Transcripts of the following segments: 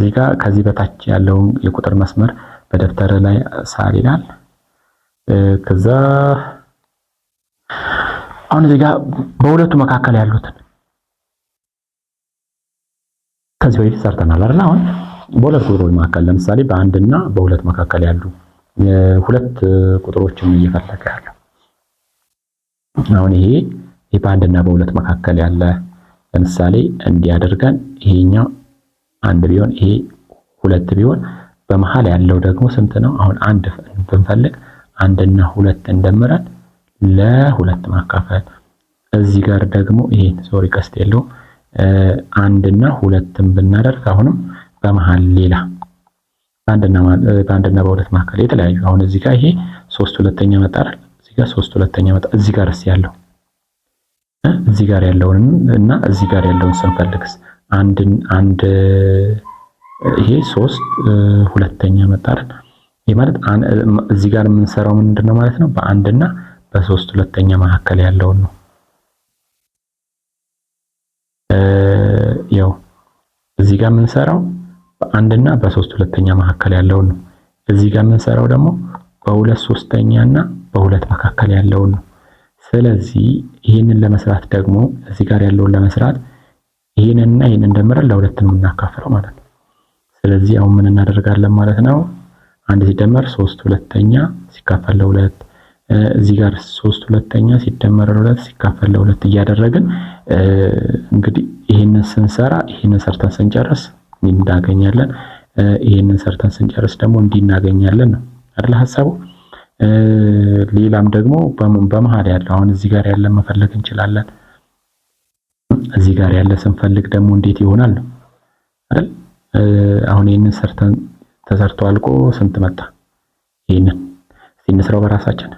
እዚህ ጋር ከዚህ በታች ያለውን የቁጥር መስመር በደብተር ላይ ሳል ይላል። ከዛ አሁን እዚህ ጋር በሁለቱ መካከል ያሉትን ከዚህ በፊት ሰርተናል አይደል? አሁን በሁለት ቁጥሮች መካከል ለምሳሌ በአንድና በሁለት መካከል ያሉ ሁለት ቁጥሮችን እየፈለገ ያለው አሁን ይሄ በአንድና በሁለት መካከል ያለ ለምሳሌ እንዲያደርገን ይሄኛው አንድ ቢሆን ይሄ ሁለት ቢሆን በመሃል ያለው ደግሞ ስንት ነው? አሁን አንድ ብንፈልግ አንድና ሁለት እንደምራል ለሁለት ማካፈል። እዚህ ጋር ደግሞ ይሄ ሶሪ ቀስት የለውም። አንድና ሁለትን ብናደርግ አሁንም በመሃል ሌላ በአንድና በሁለት መካከል የተለያዩ አሁን እዚህ ጋር ይሄ ሶስት ሁለተኛ መጣ እዚህ ጋር ሶስት ሁለተኛ መጣ። እዚህ ጋርስ ያለው እዚህ ጋር ያለውን እና እዚህ ጋር ያለውን ስንፈልግስ አንድን አንድ ይሄ ሶስት ሁለተኛ መጣል ይሄ ማለት እዚህ ጋር የምንሰራው ምንድን ነው ማለት ነው። በአንድና በሶስት ሁለተኛ መካከል ያለውን ነው። ያው እዚህ ጋር የምንሰራው በአንድና በሶስት ሁለተኛ መካከል ያለውን ነው። እዚህ ጋር የምንሰራው ደግሞ በሁለት ሶስተኛና በሁለት መካከል ያለውን ነው። ስለዚህ ይህንን ለመስራት ደግሞ እዚህ ጋር ያለውን ለመስራት ይህንንና ይህንን ደምረን ለሁለት ነው የምናካፍለው ማለት ነው። ስለዚህ አሁን ምን እናደርጋለን ማለት ነው? አንድ ሲደመር ሶስት ሁለተኛ ሲካፈል ለሁለት እዚህ ጋር ሶስት ሁለተኛ ሲደመር ለሁለት ሲካፈል ለሁለት እያደረግን እንግዲህ ይህንን ስንሰራ ይህንን ሰርተን ስንጨርስ እንዳገኛለን ይህንን ሰርተን ስንጨርስ ደግሞ እንዲህ እናገኛለን ነው አይደል ሀሳቡ። ሌላም ደግሞ በመሀል ያለው አሁን እዚህ ጋር ያለን መፈለግ እንችላለን። እዚህ ጋር ያለ ስንፈልግ ደግሞ እንዴት ይሆናል ነው አይደል? አሁን ይህንን ሰርተን ተሰርቶ አልቆ ስንት መጣ? ይህንን እስቲ እንስራው በራሳችን።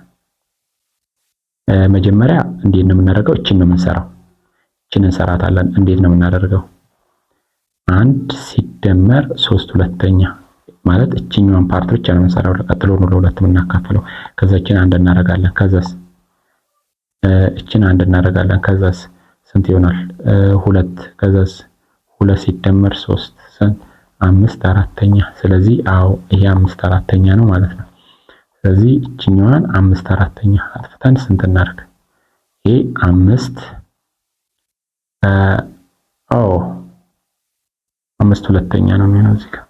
መጀመሪያ እንዴት ነው የምናደርገው? እችን ነው የምንሰራው። እችን እንሰራታለን። እንዴት ነው የምናደርገው? አንድ ሲደመር ሶስት ሁለተኛ ማለት እችኛዋን ፓርት ብቻ ነው የምንሰራው። ቀጥሎ ነው ለሁለት የምናካፍለው። ከዛ እችን አንድ እናደርጋለን። ከዛስ እችን አንድ እናደርጋለን። ከዛስ ስንት ይሆናል? ሁለት ከዛስ ሁለት ሲደመር ሶስት ሰን አምስት አራተኛ። ስለዚህ አዎ ይሄ አምስት አራተኛ ነው ማለት ነው። ስለዚህ እችኛዋን አምስት አራተኛ አጥፍተን ስንት እናርግ ይሄ አምስት አዎ አምስት ሁለተኛ ነው የሚሆነው እዚህ ጋር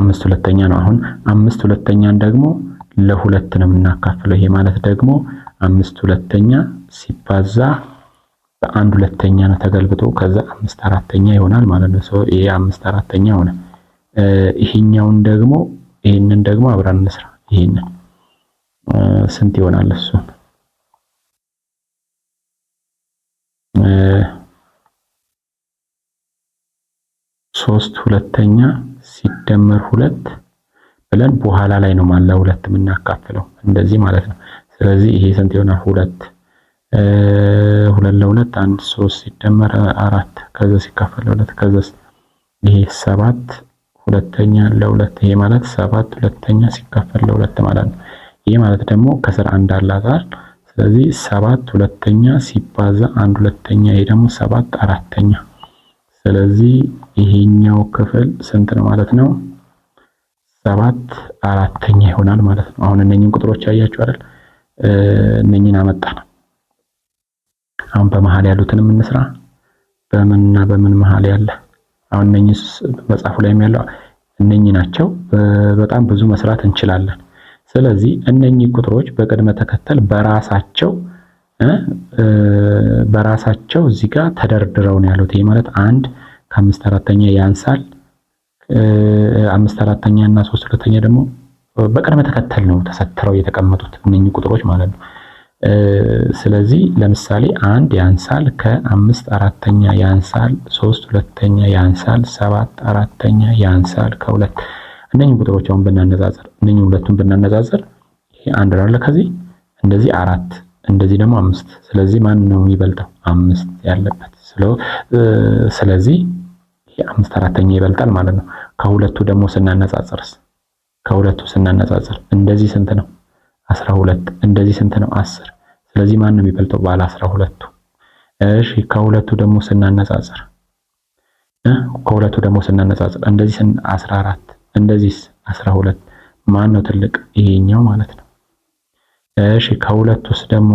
አምስት ሁለተኛ ነው። አሁን አምስት ሁለተኛን ደግሞ ለሁለት ነው የምናካፍለው። ይሄ ማለት ደግሞ አምስት ሁለተኛ ሲባዛ በአንድ ሁለተኛ ነው ተገልብጦ፣ ከዛ አምስት አራተኛ ይሆናል ማለት ነው። ይሄ አምስት አራተኛ ሆነ። ይሄኛውን ደግሞ ይሄንን ደግሞ አብረን እንስራ። ይሄንን ስንት ይሆናል? እሱ ሶስት ሁለተኛ ሲደመር ሁለት ብለን በኋላ ላይ ነው ማለት ለሁለት የምናካፍለው እንደዚህ ማለት ነው። ስለዚህ ይሄ ስንት ይሆናል? ሁለት ሁለት ለሁለት አንድ ሶስት ሲደመር አራት ከዛ ሲካፈል ሁለት ከዛ ይሄ ሰባት ሁለተኛ ለሁለት ይሄ ማለት ሰባት ሁለተኛ ሲካፈል ለሁለት ማለት ነው። ይሄ ማለት ደግሞ ከስር አንድ አላዛር ስለዚህ ሰባት ሁለተኛ ሲባዛ አንድ ሁለተኛ ይሄ ደግሞ ሰባት አራተኛ ስለዚህ ይሄኛው ክፍል ስንት ነው ማለት ነው ሰባት አራተኛ ይሆናል ማለት ነው። አሁን እነኚህን ቁጥሮች አያችሁ አይደል? እነኝን አመጣ ነው። አሁን በመሃል ያሉትን እንስራ። በምንና በምን መሃል ያለ አሁን እነኚህ መጽሐፉ ላይ ያለው እነኚህ ናቸው። በጣም ብዙ መስራት እንችላለን። ስለዚህ እነኚህ ቁጥሮች በቅድመ ተከተል በራሳቸው በራሳቸው እዚህ ጋር ተደርድረው ነው ያሉት። ይሄ ማለት አንድ ከአምስት አራተኛ ያንሳል አምስት አራተኛ እና ሶስት ሁለተኛ ደግሞ በቅደም ተከተል ነው ተሰትረው የተቀመጡት እነኚህ ቁጥሮች ማለት ነው። ስለዚህ ለምሳሌ አንድ ያንሳል ከአምስት አራተኛ ያንሳል፣ ሶስት ሁለተኛ ያንሳል፣ ሰባት አራተኛ ያንሳል ከሁለት እነኚህ ቁጥሮች አሁን ብናነጻጽር እነኚህ ሁለቱን ብናነጻጽር ይሄ አንድ ነው ከዚህ እንደዚህ አራት እንደዚህ ደግሞ አምስት። ስለዚህ ማን ነው የሚበልጠው? አምስት ያለበት ስለዚህ አምስት አራተኛ ይበልጣል ማለት ነው። ከሁለቱ ደግሞ ስናነጻጽርስ ከሁለቱ ስናነጻጽር እንደዚህ ስንት ነው? አስራ ሁለት እንደዚህ ስንት ነው? አስር ስለዚህ ማን ነው የሚበልጠው? ባለ አስራ ሁለቱ እሺ። ከሁለቱ ደግሞ ስናነጻጽር ከሁለቱ ደግሞ ስናነጻጽር እንደዚህ አስራ አራት እንደዚህ አስራ ሁለት ማን ነው ትልቅ? ይሄኛው ማለት ነው። እሺ ከሁለቱስ ደግሞ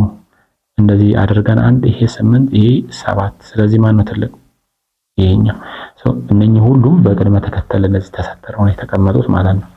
እንደዚህ አድርገን አንድ ይሄ ስምንት ይሄ ሰባት ስለዚህ ማን ነው ትልቅ? ይሄኛው እነኚህ ሁሉም በቅድመ ተከተል እነዚህ ተሰጥረው ነው የተቀመጡት ማለት ነው።